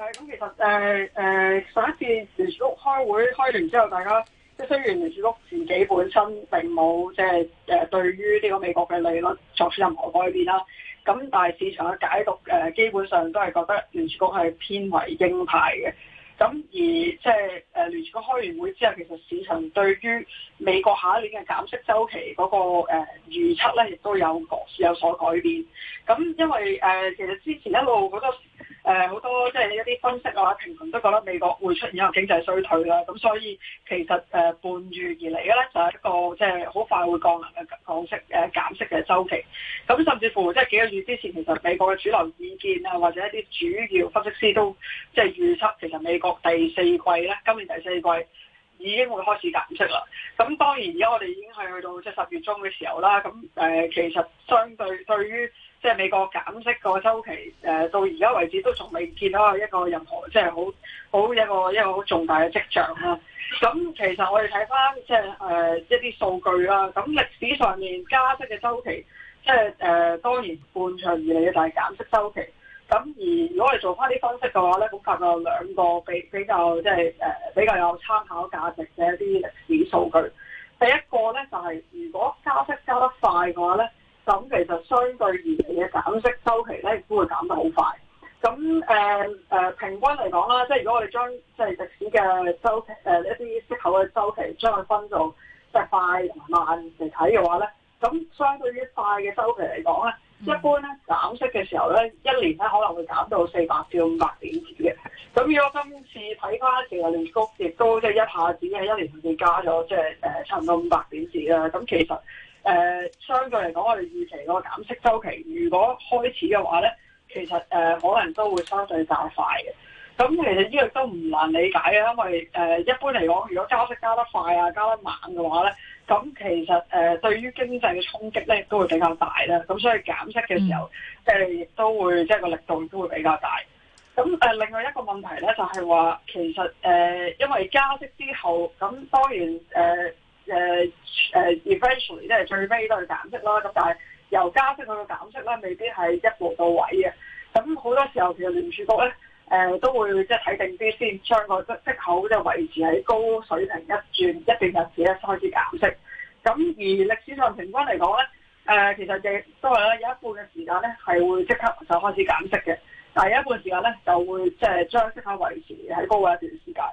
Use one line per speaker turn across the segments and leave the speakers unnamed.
係咁、嗯，其實誒誒、呃呃，上一次聯儲局開會開完之後，大家即係雖然聯儲局自己本身並冇即係誒對於呢個美國嘅利率作出任何改變啦，咁但係市場嘅解讀誒、呃、基本上都係覺得聯儲局係偏為鷹派嘅。咁而即係誒聯儲局開完會之後，其實市場對於美國下一年嘅減息週期嗰、那個誒、呃、預測咧，亦都有改有所改變。咁因為誒、呃、其實之前一路嗰個。誒好多即係一啲分析啊、或者評論都覺得美國會出現有經濟衰退啦，咁所以其實誒半月而嚟嘅咧就係、是、一個即係好快會降息嘅降息誒減息嘅週期。咁甚至乎即係幾個月之前，其實美國嘅主流意見啊，或者一啲主要分析師都即係預測，其實美國第四季咧今年第四季已經會開始減息啦。咁當然而家我哋已經係去到即係十月中嘅時候啦。咁誒其實相對對於。即係美國減息個周期，誒、呃、到而家為止都仲未見到一個任何即係好好一個一個好重大嘅跡象啦。咁、啊、 其實我哋睇翻即係誒、呃、一啲數據啦。咁歷史上面加息嘅周期，即係誒、呃、當然伴隨而嚟嘅，但係減息周期。咁而如果我哋做翻啲分析嘅話咧，咁發覺有兩個比比較即係誒、呃、比較有參考價值嘅一啲歷史數據。第一個咧就係、是、如果加息加得快嘅話咧。咁其實相對而嚟嘅減息周期咧，亦都會減得好快。咁誒誒，平均嚟講啦，即係如果我哋將即係歷史嘅週期誒一啲息口嘅周期將佢分到即係快同埋慢嚟睇嘅話咧，咁相對於快嘅周期嚟講咧，嗯、一般咧減息嘅時候咧，一年咧可能會減到四百至五百點子嘅。咁如果今次睇翻其日連升，亦都即係一下子喺一年半至加咗即係誒差唔多五百點子啦。咁其實。誒、呃，相對嚟講，我哋預期個減息周期如果開始嘅話咧，其實誒、呃、可能都會相對較快嘅。咁其實呢個都唔難理解嘅，因為誒、呃、一般嚟講，如果加息加得快啊，加得猛嘅話咧，咁其實誒、呃、對於經濟嘅衝擊咧都會比較大咧。咁所以減息嘅時候，誒亦都會即係個力度都會比較大。咁誒、嗯就是呃，另外一個問題咧就係、是、話，其實誒、呃、因為加息之後，咁當然誒。呃誒誒 eventually 即係最尾都係減息啦，咁但係由加息去到減息啦，未必係一步到位嘅。咁好多時候其實聯儲局咧，誒、呃、都會即係睇定啲先，將個息口即係維持喺高水平一轉一段日子咧，先開始減息。咁而歷史上平均嚟講咧，誒、呃、其實亦都係咧有一半嘅時間咧係會即刻就開始減息嘅，但係有一半時間咧就會即係將息口維持喺高位一段時間。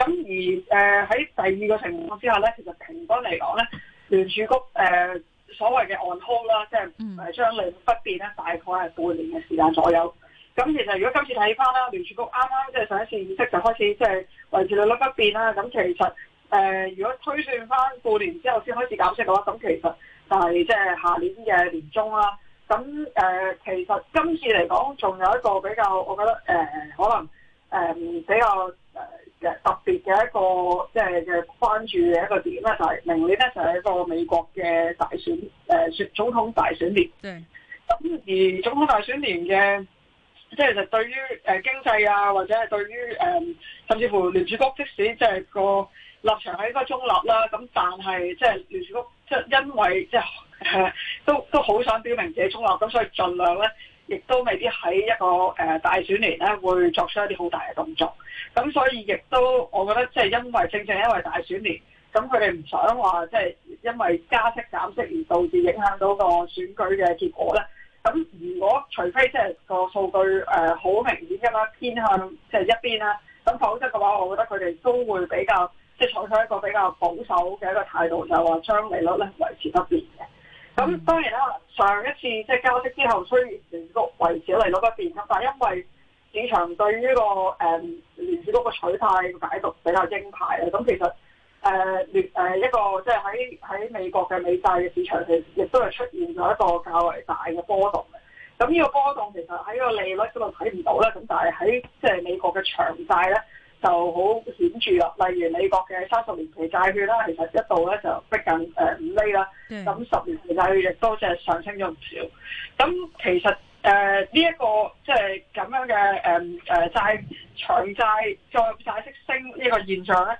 咁而誒喺、呃、第二個情況之下咧，其實平均嚟講咧，聯儲局誒、呃、所謂嘅 on hold 啦，即係將利率不變咧，大概係半年嘅時間左右。咁其實如果今次睇翻啦，聯儲局啱啱即係上一次議息就開始即係維持利率不變啦。咁其實誒、呃，如果推算翻半年之後先開始減息嘅話，咁其實是就係即係下年嘅年中啦。咁誒、呃，其實今次嚟講仲有一個比較，我覺得誒、呃、可能誒、呃、比較誒、呃嘅特別嘅一個即係嘅關注嘅一個點咧，就係、是、明年咧就係一個美國嘅大選，誒、呃、選總統大選年。咁、嗯、而總統大選年嘅，即係其實對於誒經濟啊，或者係對於誒、呃，甚至乎聯儲局即使即係個立場喺個中立啦，咁但係即係聯儲局即係、就是、因為即係誒都都好想表明自己中立，咁所以盡量咧。亦都未必喺一個誒大選年咧，會作出一啲好大嘅動作。咁所以亦都，我覺得即係因為正正因為大選年，咁佢哋唔想話即係因為加息減息而導致影響到個選舉嘅結果咧。咁如果除非即係個數據誒好明顯咁樣偏向即係一邊啦，咁否則嘅話，我覺得佢哋都會比較即係採取一個比較保守嘅一個態度，就係話將利率咧維持不變嘅。咁、嗯、當然啦，上一次即係加息之後，雖然聯儲局維持利率不變咁，但係因為市場對於、這個誒聯儲局個取態解讀比較鷹派啊，咁、嗯、其實誒聯、呃呃、一個即係喺喺美國嘅美債嘅市場，係亦都係出現咗一個較為大嘅波動嘅。咁、嗯、呢、這個波動其實喺個利率嗰度睇唔到啦，咁、嗯、但係喺即係美國嘅長債咧。就好顯著啦，例如美國嘅三十年期債券啦，其實一度咧就逼近誒五厘啦，咁十、嗯、年期債券亦都即係上升咗唔少。咁其實誒呢一個即係咁樣嘅誒誒債長債再債息升呢個現象咧，誒、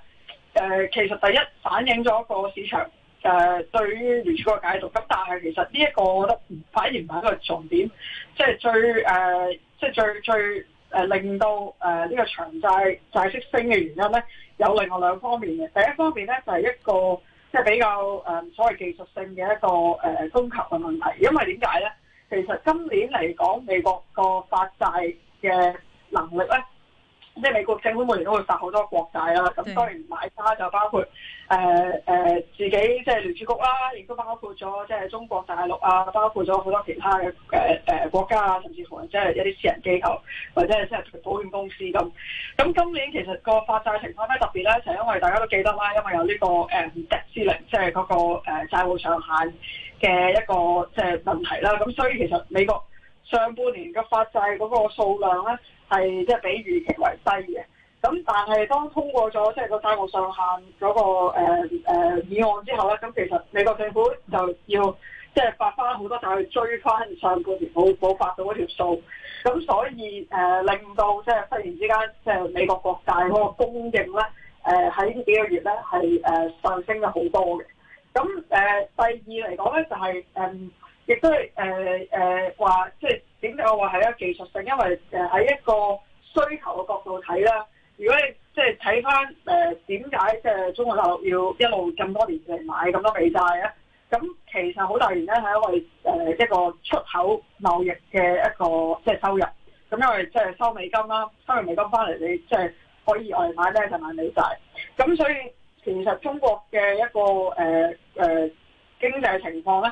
呃、其實第一反映咗個市場誒、呃、對於聯儲局嘅解讀，咁但係其實呢一個我覺得反而唔係一個重點，即係最誒即係最最。呃就是最最誒令到誒呢、呃這個長債債息升嘅原因咧，有另外兩方面嘅。第一方面咧就係、是、一個即係、就是、比較誒、呃、所謂技術性嘅一個誒、呃、供求嘅問題。因為點解咧？其實今年嚟講，美國個發債嘅能力咧。即係美國政府每年都會發好多國債啦，咁當然買家就包括誒誒、呃呃、自己即係聯儲局啦，亦都包括咗即係中國大陸啊，包括咗好多其他嘅誒誒國家啊，甚至乎即係一啲私人機構或者係即係保險公司咁。咁今年其實個發債情況有咩特別咧？就係因為大家都記得啦，因為有呢、這個誒 debt ceiling 即係嗰、那個誒、呃、債務上限嘅一個即係問題啦。咁所以其實美國上半年嘅發債嗰個數量咧。係即係比預期為低嘅，咁但係當通過咗即係個債務上限嗰、那個誒誒、呃呃、議案之後咧，咁其實美國政府就要即係、就是、發翻好多債去追翻上、那個月冇冇發到嗰條數，咁所以誒、呃、令到即係忽然之間即係、就是、美國國債嗰個供應咧，誒喺呢幾個月咧係誒上升咗好多嘅。咁誒、呃、第二嚟講咧就係誒亦都係誒誒話即係。呃點解我話係一個技術性？因為誒喺一個需求嘅角度睇啦，如果你即係睇翻誒點解即係中國大陸要一路咁多年嚟買咁多美債咧？咁其實好大原因係因為誒一個出口貿易嘅一個即係、就是、收入，咁因為即係收美金啦，收完美金翻嚟你即係可以外買咧就買美債。咁所以其實中國嘅一個誒誒、呃呃、經濟情況咧。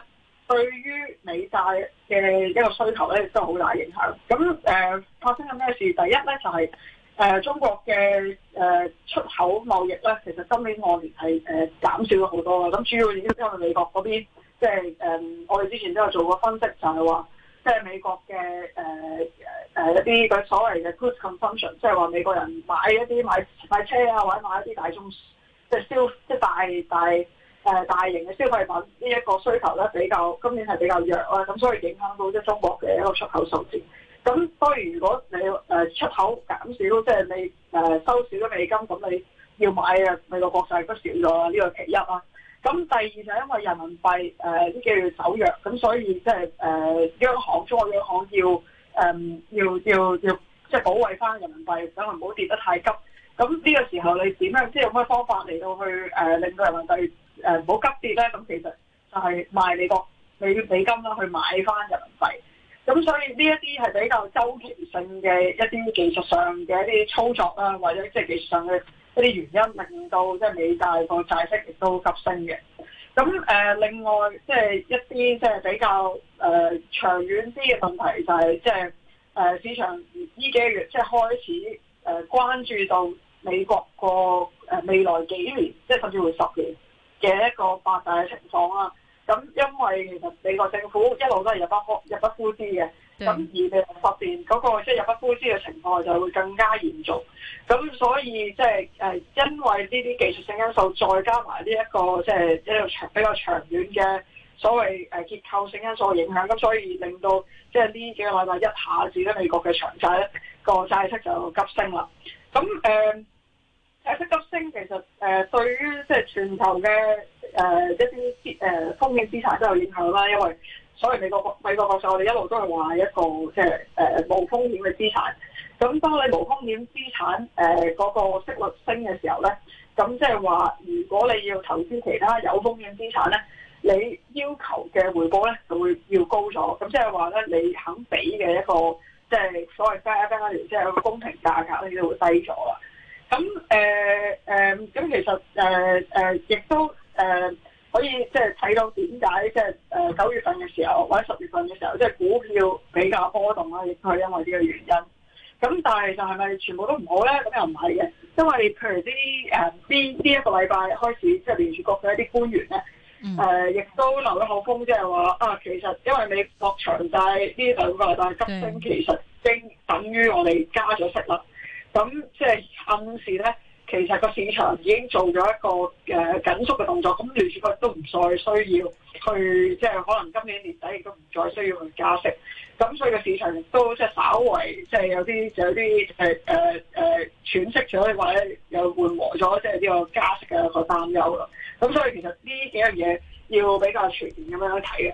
對於美債嘅一個需求咧，亦都好大影響。咁誒、呃、發生咗咩事？第一咧就係、是、誒、呃、中國嘅誒、呃、出口貿易咧，其實今年按年係誒、呃、減少咗好多啦。咁主要原因都係美國嗰邊，即係誒我哋之前都有做過分析就，就係話即係美國嘅誒誒誒一啲所謂嘅 goods consumption，即係話美國人買一啲買買車啊，或者買一啲大宗即係消即係大大。大大誒大型嘅消費品呢一個需求咧比較今年係比較弱啊，咁所以影響到即係中國嘅一個出口數字。咁當然如果你誒出口減少，即係你誒收少咗美金，咁你要買啊美國國債都少咗啊，呢個其一啊。咁第二就係因為人民幣誒叫做走弱，咁所以即係誒央行、中國央行要誒要要要即係保衞翻人民幣，想佢唔好跌得太急。咁呢個時候你點咧？即係有咩方法嚟到去誒令到人民幣？誒唔好急跌咧，咁其實就係賣美國美金啦，去買翻人民幣。咁所以呢一啲係比較周期性嘅一啲技術上嘅一啲操作啦，或者即係技術上嘅一啲原因，令到即係美債個債息亦都急升嘅。咁誒另外即係一啲即係比較誒長遠啲嘅問題，就係即係誒市場呢幾個月即係開始誒關注到美國個誒未來幾年，即係甚至會十年。嘅一個發達嘅情況啦，啊，咁因為其實美國政府一路都係入不 入不敷支嘅，咁而佢發電嗰個即係入不敷支嘅情況就會更加嚴重，咁所以即係誒，因為呢啲技術性因素，再加埋呢一個即係一個長比較長遠嘅所謂誒結構性因素影響，咁所以令到即係呢幾個禮拜一下子，而家美國嘅長債咧，嗰個債息就急升啦，咁誒。呃急升，其實誒對於即係全球嘅誒一啲誒風險資產都有影響啦，因為所謂美國國美國國債，我哋一路都係話一個即係誒無風險嘅資產。咁當你無風險資產誒嗰、呃嗰個息率升嘅時候咧，咁即係話如果你要投資其他有風險資產咧，你要求嘅回報咧就會要高咗。咁即係話咧，你肯俾嘅一個即係、就是、所謂即係一個公平價格，就會低咗啦。咁誒。呃咁其實誒誒，亦都誒可以即係睇到點解即係誒九月份嘅時候或者十月份嘅時候，即係、就是、股票比較波動啦，亦都係因為呢個原因。咁但係就係咪全部都唔好咧？咁又唔係嘅，因為譬如啲誒呢呢一個禮拜開始即係、就是、聯儲局嘅一啲官員咧誒，亦、嗯呃、都流咗口風，即係話啊，其實因為美國長債呢兩個禮拜急升，其實正等於我哋加咗息啦。咁即係暗示咧。其實個市場已經做咗一個誒緊縮嘅動作，咁聯儲局都唔再需要去，即係可能今年年底亦都唔再需要去加息，咁所以個市場亦都即係稍微即係有啲有啲誒誒誒喘息咗或者又緩和咗即係呢個加息嘅個擔憂咯，咁所以其實呢幾樣嘢要比較全面咁樣去睇嘅。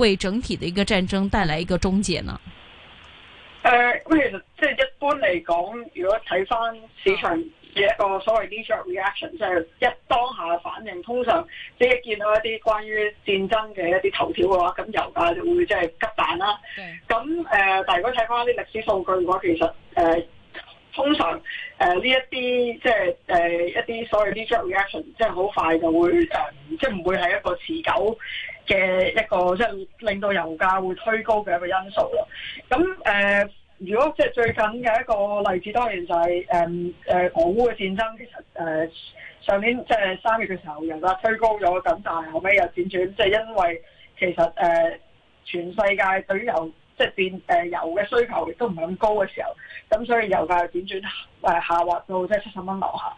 為整體嘅一個戰爭帶來一個終結呢？誒、
呃，咁其實即係一般嚟講，如果睇返市場、啊、一個所謂 dollar reaction，即係一當下反應，通常即係見到一啲關於戰爭嘅一啲頭條嘅話，咁油價就會即係急彈啦。咁誒對、呃，但如果睇返啲歷史數據嘅話，其實誒、呃、通常誒呢、呃、一啲即係誒一啲所謂 dollar reaction，即係好快就會誒即係唔會係一個持久。嘅一個即係令到油價會推高嘅一個因素咯。咁誒、呃，如果即係最近嘅一個例子，當然就係誒誒俄烏嘅戰爭。其實誒、呃、上年即係三月嘅時候，油價推高咗，咁但係後尾又轉轉，即、就、係、是、因為其實誒、呃、全世界對於油即係變誒、呃、油嘅需求亦都唔係咁高嘅時候，咁所以油價又輾轉誒、呃、下滑到即係七十蚊樓下。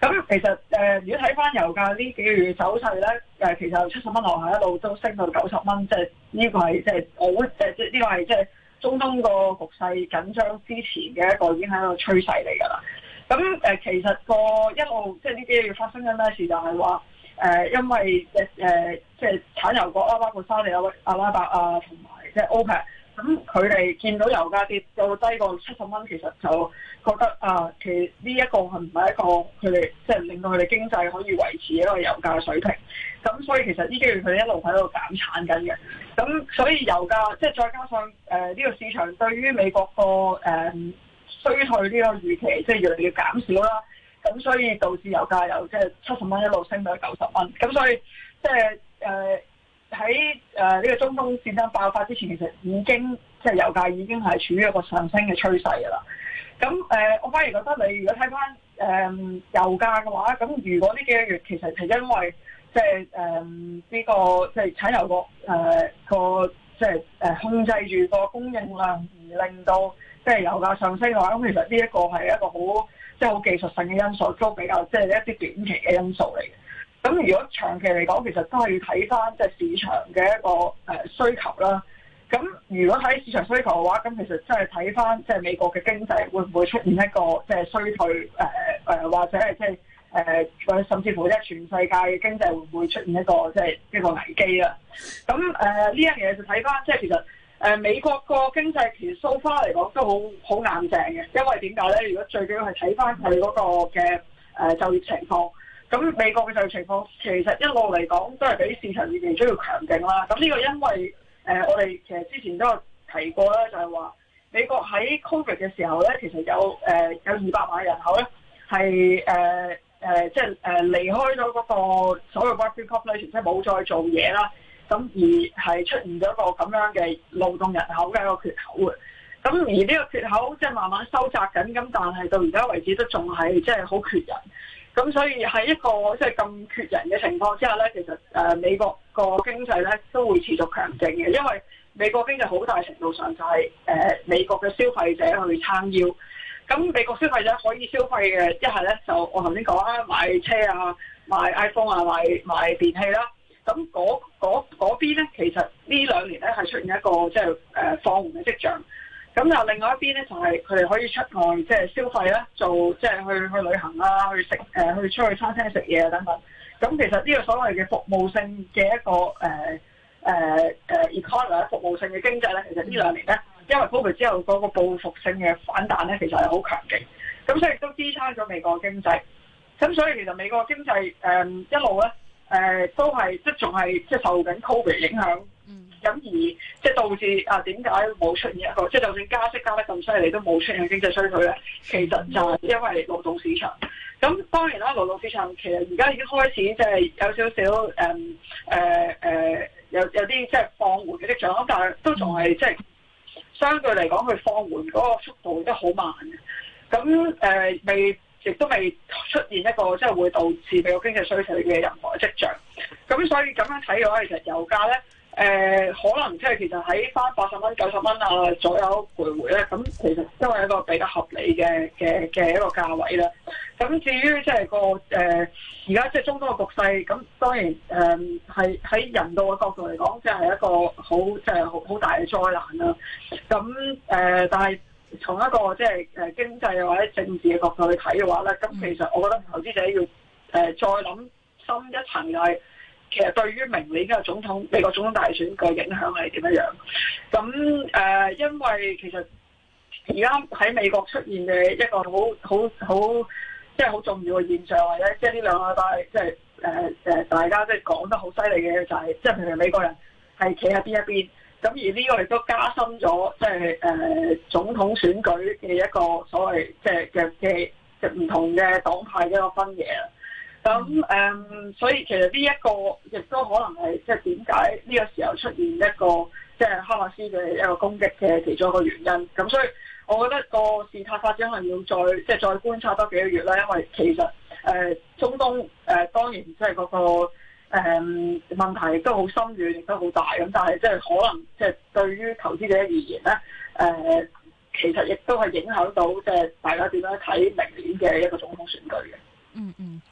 咁、嗯、其實誒、呃，如果睇翻油價呢幾個月，月走勢咧，誒、呃、其實七十蚊樓下一路都升到九十蚊，即係呢個係即係我會誒即呢個係即係中東個局勢緊張之前嘅一個已經喺度趨勢嚟㗎啦。咁、嗯、誒、呃、其實個一路即係呢啲發生緊咩事就係話誒，因為誒誒即係產油國阿拉伯沙地啊、阿拉伯啊同埋即係 OPEC。咁佢哋見到油價跌到低過七十蚊，其實就覺得啊，其實呢一個係唔係一個佢哋即係令到佢哋經濟可以維持一個油價嘅水平？咁所以其實呢幾月佢哋一路喺度減產緊嘅。咁所以油價即係、就是、再加上誒呢、呃這個市場對於美國個誒、呃、衰退呢個預期即係越嚟越減少啦。咁所以導致油價由即係七十蚊一路升到九十蚊。咁所以即係誒。就是呃喺誒呢個中東戰爭爆發之前，其實已經即係、就是、油價已經係處於一個上升嘅趨勢㗎啦。咁誒、呃，我反而覺得你如果睇返誒油價嘅話，咁如果呢幾個月其實係因為即係誒呢個即係、就是、產油國、呃、個誒個即係誒控制住個供應量而令到即係、就是、油價上升嘅話，咁其實呢一個係一個好即係好技術性嘅因素，都比較即係、就是、一啲短期嘅因素嚟嘅。咁如果長期嚟講，其實都係要睇翻即係市場嘅一個誒需求啦。咁如果喺市場需求嘅話，咁其實真係睇翻即係美國嘅經濟會唔會出現一個即係衰退誒誒、呃，或者係即係誒或者甚至乎咧全世界嘅經濟會唔會出現一個即係呢個危機啊？咁誒呢樣嘢就睇翻，即係其實誒美國個經濟其實 so far 嚟講都好好硬淨嘅，因為點解咧？如果最緊要係睇翻佢哋嗰個嘅誒就業情況。咁美國嘅就情況，其實一路嚟講都係比市場預期都要強勁啦。咁呢個因為誒、呃，我哋其實之前都有提過咧，就係、是、話美國喺 COVID 嘅時候咧，其實有誒、呃、有二百萬人口咧係誒誒，即係誒離開咗嗰個所謂 working population，即係冇再做嘢啦。咁而係出現咗一個咁樣嘅勞動人口嘅一個缺口嘅。咁而呢個缺口即係慢慢收窄緊，咁但係到而家為止都仲係即係好缺人。咁所以喺一個即係咁缺人嘅情況之下咧，其實誒、呃、美國個經濟咧都會持續強勁嘅，因為美國經濟好大程度上就係、是、誒、呃、美國嘅消費者去撐腰。咁美國消費者可以消費嘅一係咧就我頭先講啦，買車啊、買 iPhone 啊、買買電器啦、啊。咁嗰邊咧，其實呢兩年咧係出現一個即係誒放緩嘅跡象。咁又另外一邊咧，就係佢哋可以出外即係、就是、消費啦，做即係、就是、去去旅行啦，去食誒，去、呃、出去餐廳食嘢等等。咁、嗯、其實呢個所謂嘅服務性嘅一個誒誒誒 economy 服務性嘅經濟咧，其實呢兩年咧，因為 covid 之後嗰個報復性嘅反彈咧，其實係好強勁，咁、嗯、所以亦都支撐咗美國經濟。咁、嗯、所以其實美國經濟誒、嗯、一路咧誒都係即係仲係即係受緊 covid 影響。咁而即係、就是、導致啊點解冇出現一個即係、就是、就算加息加得咁犀利都冇出現經濟衰退咧？其實就係因為勞動市場。咁當然啦，勞動市場其實而家已經開始即係有少少誒誒誒有有啲即係放緩嘅跡象，但係都仲係即係相對嚟講，佢放緩嗰個速度都好慢嘅。咁誒、呃、未亦都未出現一個即係會導致美國經濟衰退嘅任何嘅跡象。咁所以咁樣睇嘅話，其實油價咧。誒、呃、可能即係其實喺翻八十蚊、九十蚊啊左右徘徊咧，咁其實都係一個比較合理嘅嘅嘅一個價位啦。咁至於即係個誒而家即係中東嘅局勢，咁當然誒係喺人道嘅角度嚟講，即、就、係、是、一個好即係好好大嘅災難啦。咁誒、呃，但係從一個即係誒經濟或者政治嘅角度去睇嘅話咧，咁其實我覺得投資者要誒、呃、再諗深一層係、就是。其實對於明年嘅總統美國總統大選嘅影響係點樣？咁誒、呃，因為其實而家喺美國出現嘅一個好好好，即係好重要嘅現象，或者即係呢兩個帶，即係誒誒，大家即係講得好犀利嘅，就係即係譬如美國人係企喺邊一邊，咁而呢個亦都加深咗即係誒總統選舉嘅一個所謂即係嘅嘅唔同嘅黨派嘅一個分野。咁誒、嗯，所以其實呢一個亦都可能係，即係點解呢個時候出現一個，即係哈馬斯嘅一個攻擊嘅其中一個原因。咁所以，我覺得個事態發展可能要再即係再觀察多幾個月啦。因為其實誒，中東誒當然即係嗰個問題都好深遠亦都好大咁。但係即係可能即係對於投資者而言咧，誒其實亦都係影響到即係大家點樣睇明年嘅一個總統選舉嘅。嗯嗯。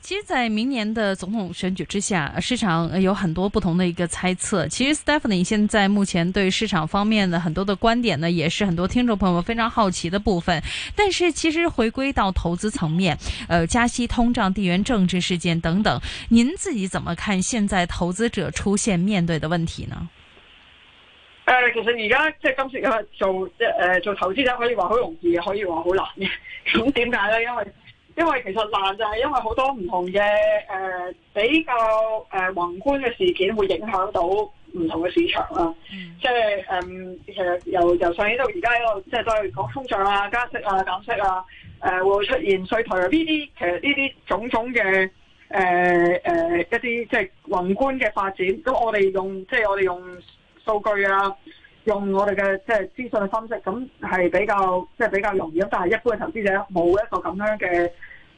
其實，在明年的總統選舉之下，市場有很多不同的一個猜測。其實，Stephanie 現在目前對市場方面的很多的觀點呢，也是很多聽眾朋友們非常好奇的部分。但是，其實回歸到投資層面，呃，加息、通脹、地緣政治事件等等，您自己怎麼看？現在投資者出現面對的問題呢？呃，其實
而家即今時做，呃，做投資者可以話好容易，可以話好難嘅。咁點解呢？因為因為其實難就係因為好多唔同嘅誒、呃、比較誒、呃、宏觀嘅事件會影響到唔同嘅市場啦、啊，mm. 即係誒、嗯、其實由由上年到而家呢度，即係都係講通脹啊、加息啊、減息啊，誒、呃、會出現衰退呢、啊、啲，其實呢啲種種嘅誒誒一啲即係宏觀嘅發展，咁我哋用即係我哋用數據啊。用我哋嘅即係資訊分析，咁係比較即係比較容易咯。但係一般嘅投資者冇一個咁樣嘅，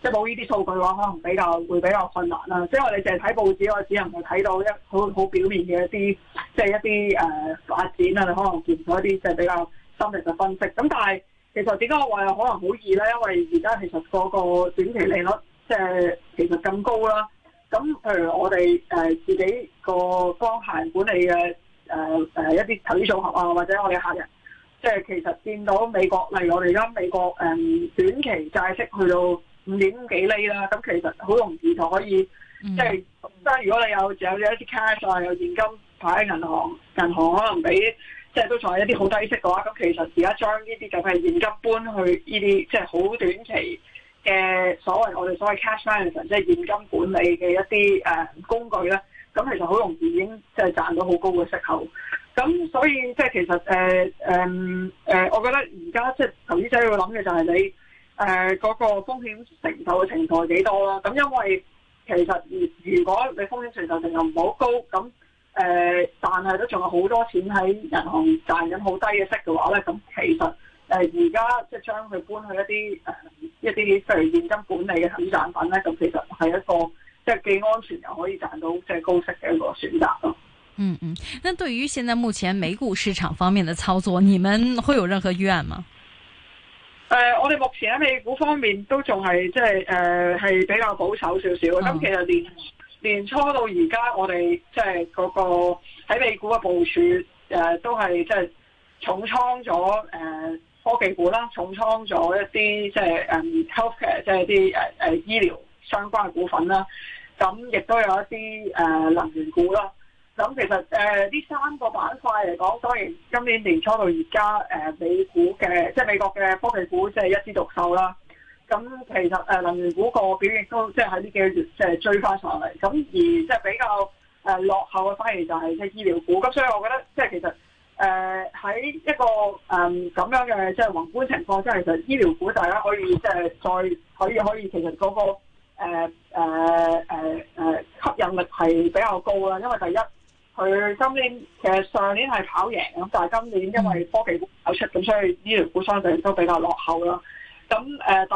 即係冇呢啲數據嘅話，可能比較會比較困難啦。即係我哋淨係睇報紙，我只能係睇到一好好表面嘅一啲，即係一啲誒、呃、發展啦。你可能見到一啲，即係比較深入嘅分析。咁但係其實點解我話可能好易咧？因為而家其實嗰個短期利率即係其實更高啦。咁譬如我哋誒、呃、自己個風險管理嘅。誒誒、呃呃、一啲投資組合啊，或者我哋客人，即係其實見到美國例，例如我哋而家美國誒、嗯、短期債息去到五點幾厘啦，咁其實好容易就可以，即係，即係如果你有有一啲 cash 啊，有現金擺喺銀行，銀行可能俾，即係都仲係一啲好低息嘅話，咁其實而家將呢啲就係現金搬去呢啲，即係好短期嘅所謂我哋所謂 cash management，即係現金管理嘅一啲誒工具咧。咁其實好容易已經即係賺到好高嘅息口，咁所以即係其實誒誒誒，我覺得而家即係投資者要諗嘅就係你誒嗰、呃那個風險承受嘅程度係幾多啦。咁因為其實如如果你風險承受程度唔係好高，咁誒、呃，但係都仲有好多錢喺銀行賺緊好低嘅息嘅話咧，咁其實誒而家即係將佢搬去一啲誒、呃、一啲即係現金管理嘅產品咧，咁其實係一個即係既安全又可以賺到即係高息嘅一個選擇咯。嗯
嗯，咁對於現在目前美股市場方面的操作，你們會有任何預案嗎？
誒、呃，我哋目前喺美股方面都仲係即係誒係比較保守少少。咁、嗯、其實年年初到而家，我哋即係嗰個喺美股嘅部署誒、呃，都係即係重倉咗誒科技股啦，重倉咗一啲即係誒、um, healthcare 即係啲誒誒醫療。相關嘅股份啦，咁亦都有一啲誒能源股啦。咁其實誒呢、呃、三個板塊嚟講，當然今年年初到而家誒美股嘅，即係美國嘅科技股，即係一枝獨秀啦。咁其實誒能源股個表現都即係喺呢幾個月即係追翻上嚟。咁而即係比較誒落後嘅，反而就係即係醫療股。咁所以我覺得即係其實誒喺、呃、一個誒咁、呃、樣嘅即係宏觀情況，即係其實醫療股大家可以即係再可以可以其實嗰個誒誒誒誒，吸引力係比較高啦，因為第一，佢今年其實上年係跑贏咁，但係今年因為科技股跑出，咁所以醫療股相對都比較落後啦。咁誒，第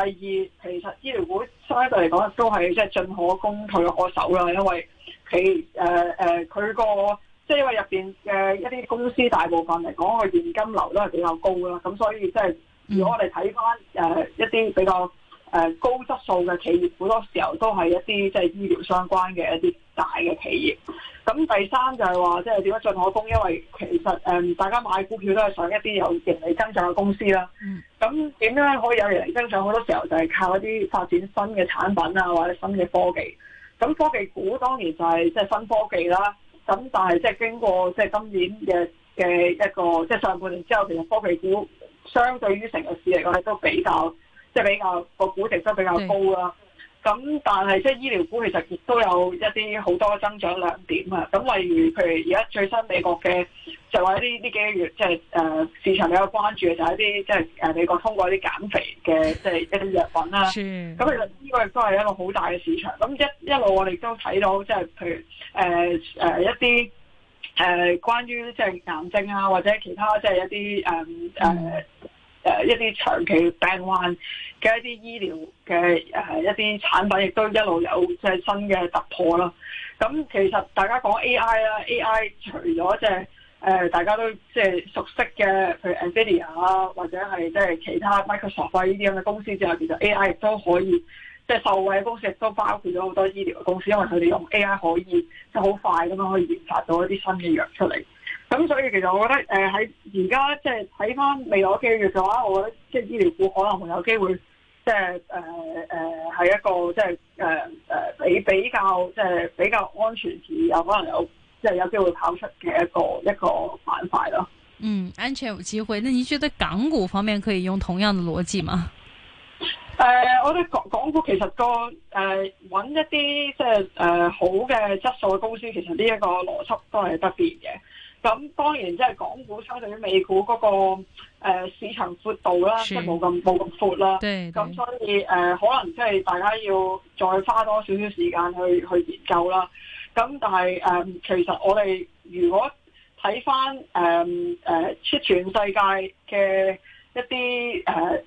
二其實醫療股相對嚟講都係即係進可攻退可守啦，因為佢誒誒，佢、呃那個即係因為入邊嘅一啲公司大部分嚟講，個現金流都係比較高啦。咁所以即係如果我哋睇翻誒一啲比較。誒高質素嘅企業，好多時候都係一啲即係醫療相關嘅一啲大嘅企業。咁第三就係話，即係點樣進可攻，因為其實誒、嗯，大家買股票都係上一啲有盈利增長嘅公司啦。咁點樣可以有盈利增長？好多時候就係靠一啲發展新嘅產品啊，或者新嘅科技。咁科技股當然就係即係新科技啦。咁但係即係經過即係今年嘅嘅一個即係、就是、上半年之後，其實科技股相對於成個市嚟講都比較。即係比較個估值都比較高啦，咁是但係即係醫療股其實亦都有一啲好多增長亮點啊。咁例如譬如而家最新美國嘅就話呢幾個月即係誒市場比較關注嘅就係、是、一啲即係誒美國通過一啲減肥嘅即係一啲藥品啦。咁是其實呢個亦都係一個好大嘅市場。咁一一路我哋都睇到即係譬如誒誒一啲誒關於即係癌症啊或者其他即係一啲誒誒。嗯嗯嗯誒、呃、一啲長期病患嘅一啲醫療嘅誒、呃、一啲產品，亦都一路有即係新嘅突破啦。咁其實大家講 AI 啦，AI 除咗即係誒大家都即係熟悉嘅，譬如 Nvidia 啊，或者係即係其他 Microsoft 呢啲咁嘅公司之後，其實 AI 亦都可以即係、就是、受惠嘅公司亦都包括咗好多醫療嘅公司，因為佢哋用 AI 可以即係好快咁樣可以研發到一啲新嘅藥出嚟。咁所以其實我覺得，誒喺而家即係睇翻未來幾月嘅話，我覺得即係醫療股可能會有機會，即係誒誒係一個即係誒誒比比較即係比較安全，而又可能有即係有機會跑出嘅一個一個板塊
咯。嗯，安全有機會，那你覺得港股方面可以用同樣嘅邏輯嘛？
誒，我覺得港股其實個誒揾一啲即係誒好嘅質素嘅公司，其實呢一個邏輯都係不變嘅。咁當然即係港股相對於美股嗰、那個、呃、市場闊度啦，是即係冇咁冇咁闊啦。咁所以誒、呃，可能即係大家要再花多少少時間去去研究啦。咁但係誒、呃，其實我哋如果睇翻誒誒即全世界嘅一啲誒。呃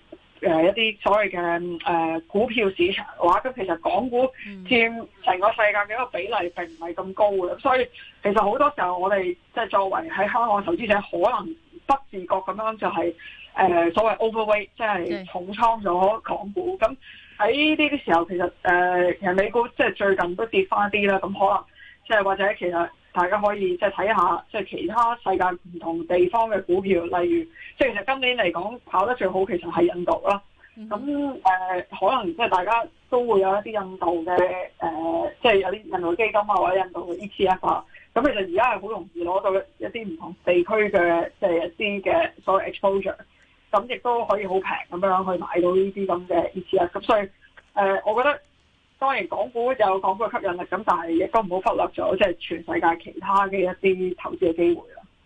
誒、呃、一啲所謂嘅誒股票市場嘅話，咁、啊、其實港股佔成個世界嘅一個比例並唔係咁高嘅，所以其實好多時候我哋即係作為喺香港投資者，可能不自覺咁樣就係、是、誒、呃、所謂 overweight，即係重倉咗港股。咁喺呢啲時候，其實誒其實美股即係最近都跌返啲啦，咁可能即係或者其實。大家可以即係睇下，即係其他世界唔同地方嘅股票，例如，即係其實今年嚟講跑得最好，其實係印度啦。咁誒、呃，可能即係大家都會有一啲印度嘅誒、呃，即係有啲印度基金啊，或者印度嘅 ETF 啊。咁其實而家係好容易攞到一啲唔同地區嘅即係一啲嘅所謂 exposure，咁亦都可以好平咁樣去買到呢啲咁嘅 ETF。咁所以誒、呃，我覺得。當然，港股有港股嘅吸引力，咁但係亦都唔好忽略咗，即係全世界其他嘅一啲投資嘅機會。